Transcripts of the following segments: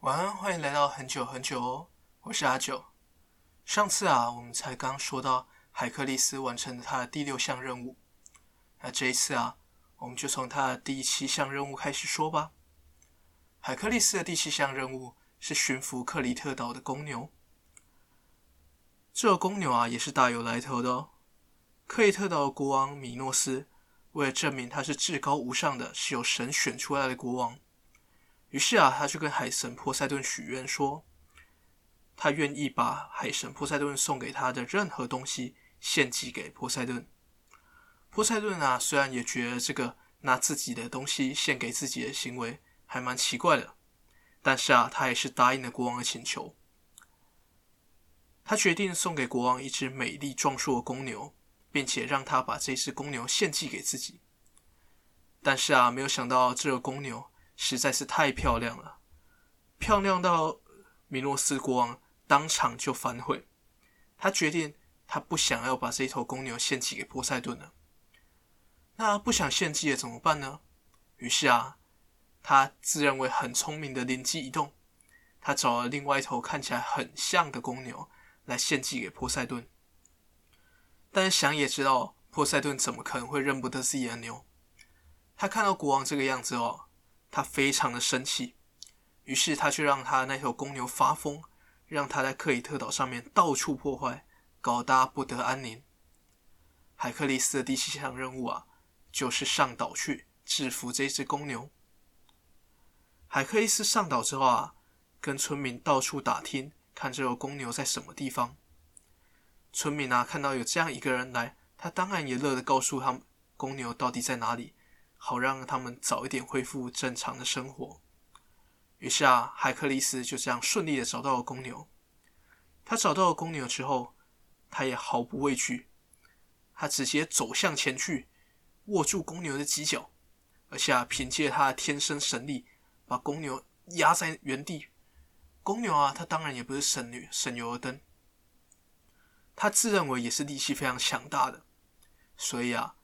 晚安，歡迎來到很久很久哦，我是阿九。上次啊，我們才剛,剛說到海克利斯完成的他的第六項任務，那這一次啊，我們就從他的第七項任務開始說吧。海克利斯的第七項任務是馴服克里特島的公牛。這個公牛啊，也是大有來頭的哦。克里特島的國王米諾斯，為了證明他是至高無上的，是由神選出來的國王。於是啊，他就跟海神波塞頓許願說，他願意把海神波塞頓送給他的任何東西獻祭給波塞頓。波塞頓啊，雖然也覺得這個拿自己的東西獻給自己的行為還蠻奇怪的，但是啊，他也是答應了國王的請求。他決定送給國王一只美麗壯碩的公牛，並且讓他把這只公牛獻祭給自己。但是啊，沒有想到這個公牛，實在是太漂亮了，漂亮到米諾斯國王當場就反悔。他決定，他不想要把這一頭公牛獻祭給波塞頓了。那不想獻祭了怎麼辦呢？於是啊，他自認為很聰明的靈機一動，他找了另外一頭看起來很像的公牛來獻祭給波塞頓。但是想也知道，波塞頓怎麼可能會認不得自己的牛？他看到國王這個樣子哦。他非常的生氣，於是他就讓他的那頭公牛發瘋，讓他在克里特島上面到處破壞，搞得大家不得安寧。海克力斯的第七項任務啊，就是上島去制服這隻公牛。海克力斯上島之後啊，跟村民到處打聽，看這頭公牛在什麼地方。村民啊，看到有這樣一個人來，他當然也樂得告訴他們公牛到底在哪裡。好讓他們早一點恢復正常的生活。於是啊，海克力斯就這樣順利地找到了公牛。他找到了公牛之後，他也毫不畏懼，他直接走向前去，握住公牛的犄角，而且啊，憑借他的天生神力，把公牛壓在原地。公牛啊，他當然也不是省油的燈，他自認為也是力氣非常強大的，所以啊。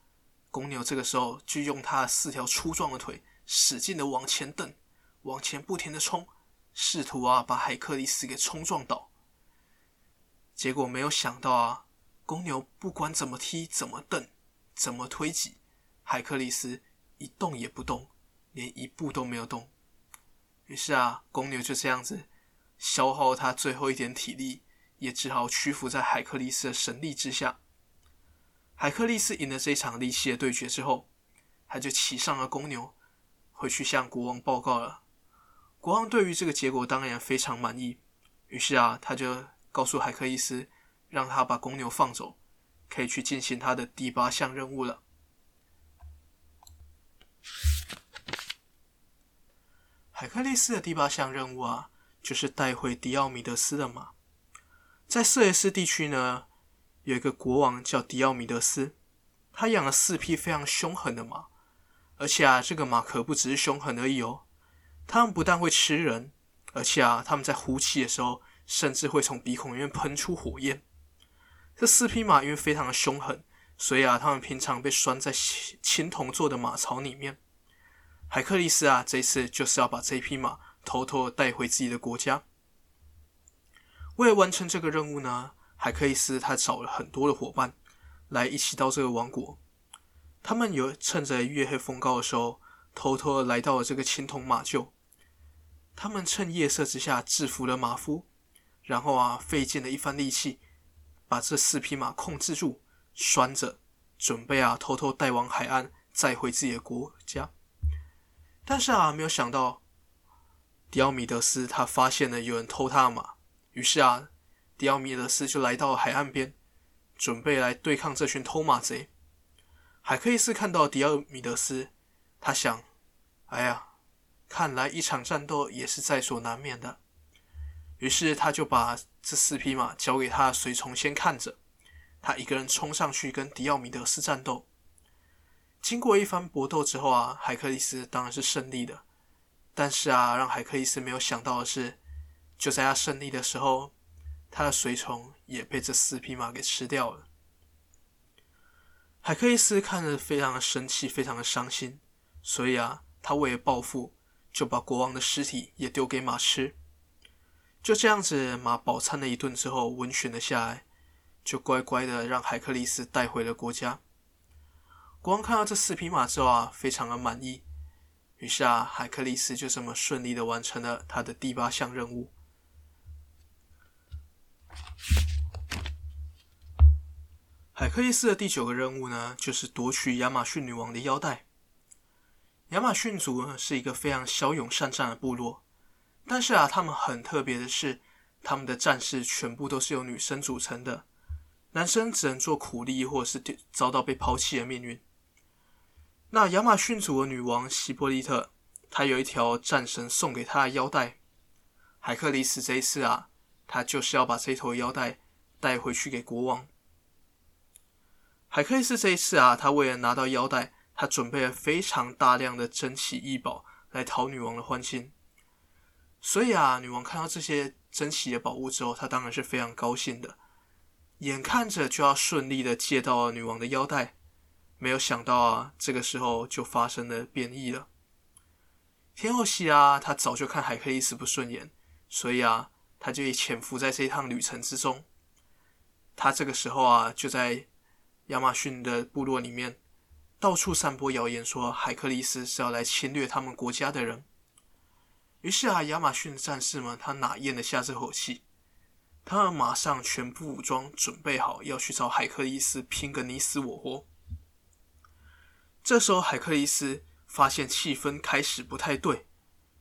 公牛這個時候就用他四條粗壯的腿使勁的往前蹬，往前不停的衝，試圖啊把海克力斯給衝撞倒。結果沒有想到啊，公牛不管怎麼踢、怎麼蹬、怎麼推擠，海克力斯一動也不動，連一步都沒有動。於是啊，公牛就這樣子消耗了他最後一點體力，也只好屈服在海克力斯的神力之下。海克力斯贏了這場力氣的對決之後，他就騎上了公牛，回去向國王報告了。國王對於這個結果當然非常滿意，於是啊，他就告訴海克力斯，讓他把公牛放走，可以去進行他的第八項任務了。海克力斯的第八項任務啊，就是帶回迪奧米德斯的馬，在色雷斯地區呢。有一個國王叫迪奧米德斯，他養了四匹非常兇狠的馬，而且啊，這個馬可不只是兇狠而已哦，他們不但會吃人，而且啊，他們在呼氣的時候甚至會從鼻孔裡面噴出火焰。這四匹馬因為非常的兇狠，所以啊，他們平常被拴在青銅做的馬槽裡面。海克力斯啊，這一次就是要把這一匹馬偷偷的帶回自己的國家。為了完成這個任務呢，海克力斯他找了很多的夥伴，來一起到這個王國。他們有趁着月黑風高的時候，偷偷的來到了這個青銅馬廄。他們趁夜色之下制服了馬夫，然後啊費盡了一番力氣，把這四匹馬控制住，拴着，準備啊偷偷帶往海岸，再回自己的國家。但是啊，沒有想到，迪奧米德斯他發現了有人偷他的馬，於是啊。迪奧米德斯就來到了海岸邊，準備來對抗這群偷馬賊。海克力斯看到迪奧米德斯，他想：“哎呀，看來一場戰鬥也是在所難免的。”於是他就把這四匹馬交給他隨從先看着，他一個人衝上去跟迪奧米德斯戰鬥。經過一番搏鬥之後啊，海克力斯當然是勝利的。但是啊，讓海克力斯沒有想到的是，就在他勝利的時候。他的隨從也被這四匹馬給吃掉了。海克力斯看着非常的生氣，非常的傷心，所以啊，他為了報復，就把國王的屍體也丟給馬吃。就這樣子，馬飽餐了一頓之後，溫馴了下來，就乖乖的讓海克力斯帶回了國家。國王看到這四匹馬之後啊，非常的滿意，於是啊，海克力斯就這麼順利的完成了他的第八項任務。海克力斯的第九個任務呢，就是奪取亞馬遜女王的腰帶。亞馬遜族呢是一個非常驍勇善戰的部落，但是啊，他們很特別的是，他們的戰士全部都是由女生組成的，男生只能做苦力，或者是遭到被拋棄的命運。那亞馬遜族的女王希波利特，她有一條戰神送給她的腰帶。海克力斯這一次啊。他就是要把這頭腰帶帶回去給國王。海克力斯這一次啊，他為了拿到腰帶，他準備了非常大量的珍奇異寶來討女王的歡心。所以啊，女王看到這些珍奇的寶物之後，她當然是非常高興的。眼看着就要順利的借到了女王的腰帶，沒有想到啊，這個時候就發生了變異了。天後希拉她早就看海克力斯不順眼，所以啊。他就潛伏在這一趟旅程之中。他這個時候啊，就在亞馬遜的部落裡面到處散播謠言，說海克力斯是要來侵略他們國家的人。於是啊，亞馬遜戰士們他哪咽得下這口氣？他們馬上全部武裝，準備好要去找海克力斯拼個你死我活。這時候，海克力斯發現氣氛開始不太對，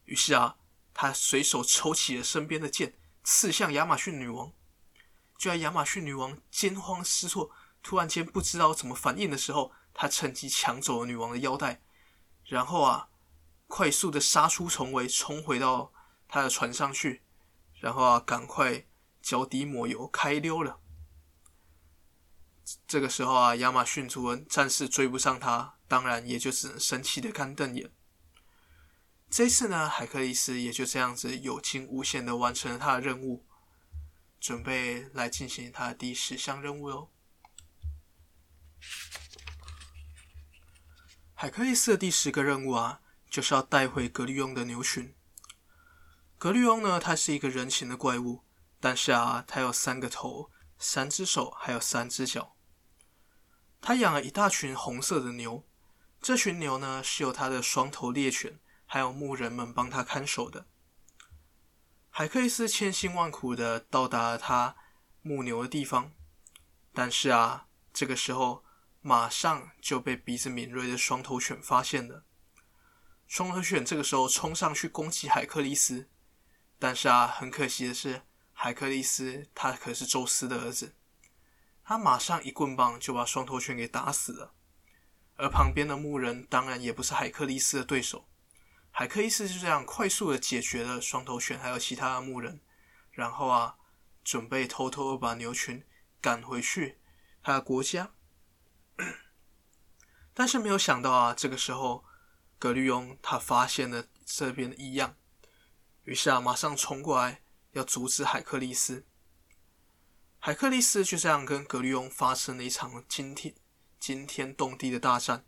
於是啊，他隨手抽起了身邊的劍。刺向亞馬遜女王，就在亞馬遜女王驚慌失措、突然間不知道怎麼反應的時候，她趁機搶走了女王的腰帶，然後啊，快速的殺出重圍，衝回到他的船上去，然後啊，趕快腳底抹油開溜了。這個時候啊，亞馬遜族人暫時追不上他，當然也就只能生氣的乾瞪眼。這次呢，海克力斯也就這樣子有驚無險的完成了他的任務，準備來進行他的第十項任務嘍。海克力斯的第十個任務啊，就是要帶回格律翁的牛群。格律翁呢，他是一個人形的怪物，但是啊，他有三個頭、三隻手，還有三隻腳。他養了一大群紅色的牛，這群牛呢，是由他的雙頭獵犬。還有牧人們幫他看守的，海克力斯千辛萬苦的到達了他牧牛的地方，但是啊，這個時候馬上就被鼻子敏銳的雙頭犬發現了。雙頭犬這個時候衝上去攻擊海克力斯，但是啊，很可惜的是，海克力斯他可是宙斯的兒子，他馬上一棍棒就把雙頭犬給打死了。而旁邊的牧人當然也不是海克力斯的對手。海克力斯就這樣快速的解決了雙頭犬，還有其他的牧人，然後啊，準備偷偷，偷把牛群趕回去他的國家。 但是沒有想到啊，這個時候格律翁他發現了這邊的異樣，於是啊，馬上衝過來要阻止海克力斯。海克力斯就這樣跟格律翁發生了一場驚天驚天動地的大戰。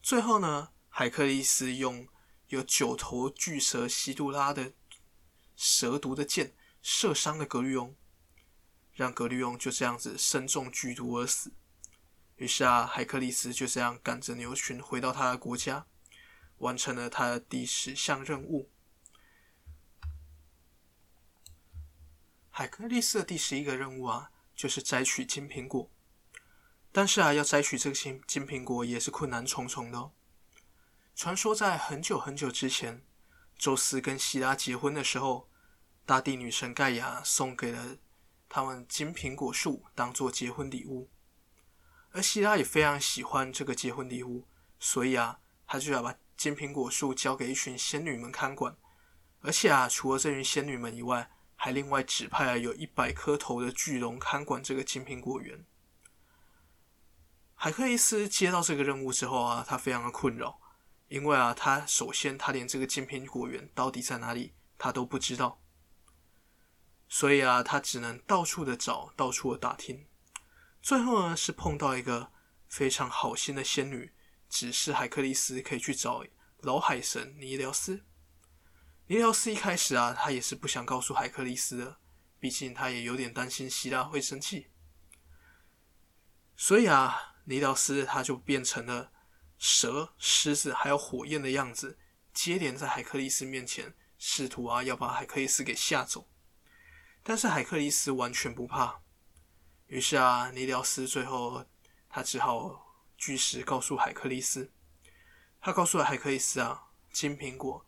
最後呢，海克力斯用有九頭巨蛇西毒拉的蛇毒的箭射傷了格律翁，讓格律翁就這樣子身中劇毒而死。於是啊，海克力斯就這樣趕着牛群回到他的國家，完成了他的第十項任務。海克力斯的第十一個任務啊，就是摘取金蘋果，但是啊，要摘取這個金金蘋果也是困難重重的哦。傳說在很久很久之前，宙斯跟希拉結婚的時候，大地女神蓋亞送給了他們金蘋果樹當做結婚禮物。而希拉也非常喜歡這個結婚禮物，所以啊，他就要把金蘋果樹交給一群仙女們看管。而且啊，除了這群仙女們以外，還另外指派了有一百顆頭的巨龍看管這個金蘋果園。海克力斯接到這個任務之後啊，他非常的困擾。因為啊，他首先他連這個金蘋果園到底在哪裡，他都不知道，所以啊，他只能到處的找，到處的打聽。最後呢，是碰到一個非常好心的仙女，指示海克力斯可以去找老海神尼遼斯。尼遼斯一開始啊，他也是不想告訴海克力斯的，畢竟他也有點擔心希拉會生氣。所以啊，尼廖斯他就變成了。蛇、獅子，還有火焰的樣子，接連在海克力斯面前，試圖啊要把海克力斯給嚇走。但是海克力斯完全不怕。於是啊，尼迪奧斯最後他只好據實告訴海克力斯，他告訴了海克力斯啊，金蘋果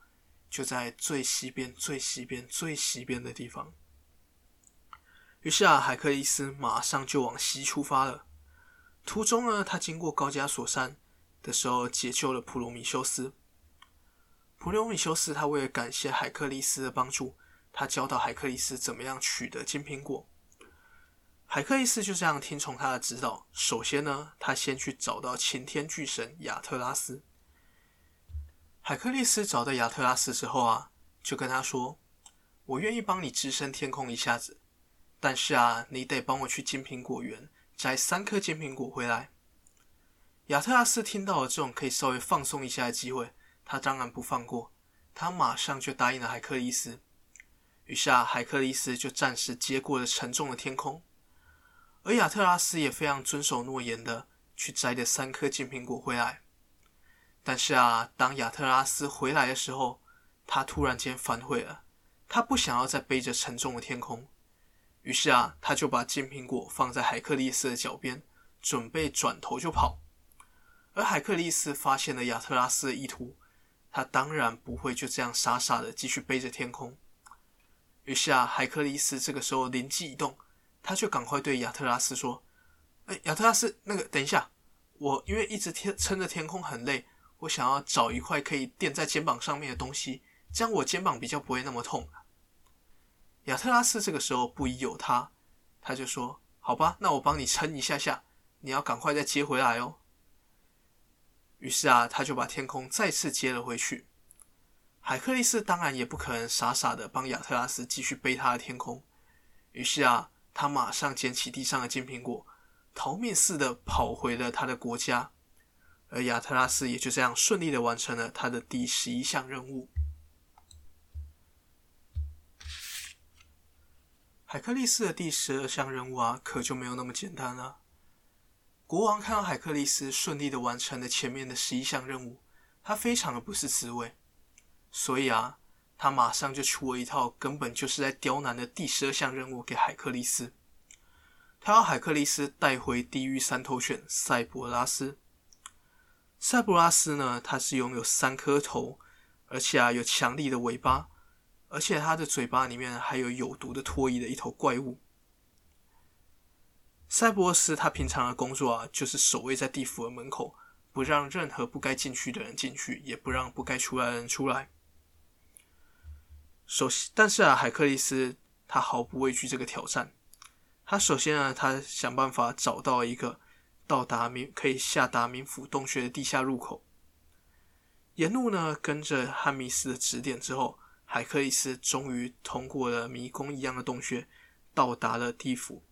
就在最西邊、最西邊、最西邊的地方。於是啊，海克力斯馬上就往西出發了。途中呢，他經過高加索山，的時候解救了普羅米修斯。普羅米修斯他為了感謝海克力斯的幫助，他教導海克力斯怎麼樣取得金蘋果。海克力斯就這樣聽從他的指導。首先呢，他先去找到擎天巨神亞特拉斯。海克力斯找到亞特拉斯之後啊，就跟他說：“我願意幫你支撐天空一下子，但是啊，你得幫我去金蘋果園摘三顆金蘋果回來。”亞特拉斯聽到了這種可以稍微放鬆一下的機會，他當然不放過，他馬上就答應了海克力斯。於是啊，海克力斯就暫時接過了沉重的天空，而亞特拉斯也非常遵守諾言的去摘了三顆金蘋果回來。但是啊，當亞特拉斯回來的時候，他突然間反悔了，他不想要再背着沉重的天空，於是啊，他就把金蘋果放在海克力斯的腳邊，準備轉頭就跑。而海克力斯發現了亞特拉斯的意圖，他當然不會就這樣傻傻的繼續背着天空。於是啊，海克力斯這個時候靈機一動，他就趕快對亞特拉斯說：“誒亞特拉斯，那個等一下，我因為一直天撐着天空很累，我想要找一塊可以墊在肩膀上面的東西，這樣我肩膀比較不會那麼痛。”亞特拉斯這個時候不疑有他，他就說：“好吧，那我幫你撐一下下，你要趕快再接回來哦。”於是啊，他就把天空再次接了回去。海克力斯當然也不可能傻傻的幫亞特拉斯繼續背他的天空，於是啊，他馬上撿起地上的金蘋果，逃命似的跑回了他的國家。而亞特拉斯也就這樣順利的完成了他的第十一項任務。海克力斯的第十二項任務啊，可就沒有那麼簡單了啊。國王看到海克力斯順利的完成了前面的十一項任務，他非常的不是滋味，所以啊，他馬上就出了一套根本就是在刁難的第十二項任務給海克力斯。他要海克力斯帶回地獄三頭犬塞博拉斯。塞博拉斯呢，它是擁有三顆頭，而且啊有強力的尾巴，而且它的嘴巴裡面還有有毒的唾液的一頭怪物。塞博斯他平常的工作啊，就是守衛在地府的門口，不讓任何不該進去的人進去，也不讓不該出來的人出來。首先，但是啊，海克力斯他毫不畏懼這個挑戰。他首先啊，他想辦法找到一個到達冥可以下達冥府洞穴的地下入口。沿路呢，跟着漢密斯的指點之後，海克力斯終於通過了迷宮一樣的洞穴，到達了地府。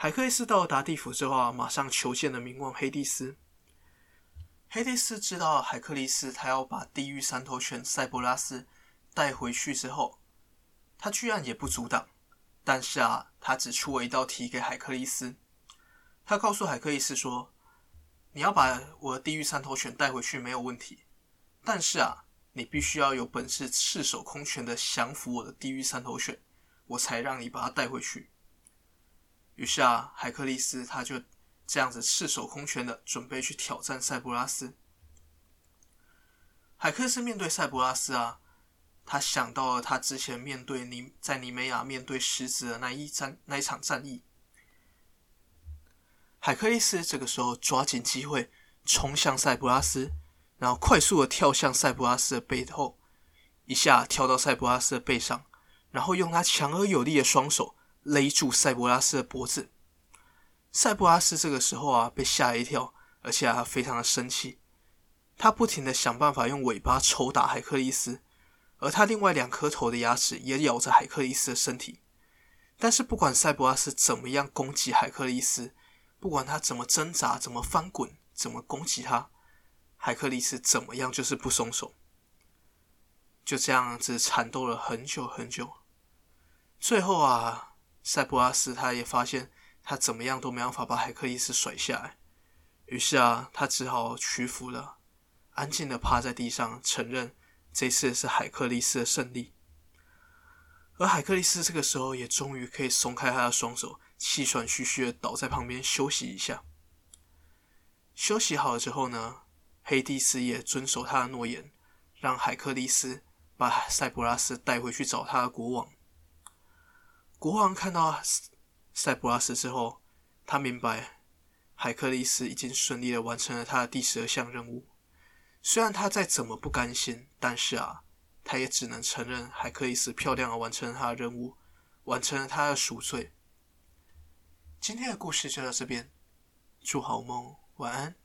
海克力斯到達地府之後啊，馬上求見了冥王黑帝斯。黑帝斯知道海克力斯他要把地獄三頭犬塞伯拉斯帶回去之後，他居然也不阻擋。但是啊，他只出了一道題給海克力斯。他告訴海克力斯說：“你要把我的地獄三頭犬帶回去沒有問題，但是啊，你必須要有本事赤手空拳的降服我的地獄三頭犬，我才讓你把它帶回去。”於是啊，海克利斯他就這樣子赤手空拳的準備去挑戰塞伯拉斯。海克斯面對塞伯拉斯啊，他想到了他之前面對尼，在尼美亞面對獅子的那一戰，那一場戰役。海克利斯這個時候抓緊機會衝向塞伯拉斯，然後快速的跳向塞伯拉斯的背後，一下跳到塞伯拉斯的背上，然後用他強而有力的雙手。勒住塞伯拉斯的脖子，塞伯拉斯這個時候啊被嚇了一跳，而且啊非常的生氣，他不停的想辦法用尾巴抽打海克力斯，而他另外兩顆頭的牙齒也咬着海克力斯的身體。但是不管塞伯拉斯怎麼樣攻擊海克力斯，不管他怎麼掙扎、怎麼翻滾、怎麼攻擊他，海克力斯怎麼樣就是不鬆手，就這樣子纏鬥了很久很久，最後啊。塞普拉斯他也發現他怎麼樣都沒辦法把海克力斯甩下來，於是啊，他只好屈服了，安靜的趴在地上，承認這次是海克力斯的勝利。而海克力斯這個時候也終於可以鬆開他的雙手，氣喘吁吁的倒在旁邊休息一下。休息好了之後呢，黑帝斯也遵守他的諾言，讓海克力斯把塞普拉斯帶回去找他的國王。國王看到塞普拉斯之後，他明白海克力斯已經順利的完成了他的第十二項任務。雖然他再怎麼不甘心，但是啊，他也只能承認海克力斯漂亮地完成了他的任務，完成了他的贖罪。今天的故事就到這邊，祝好夢，晚安。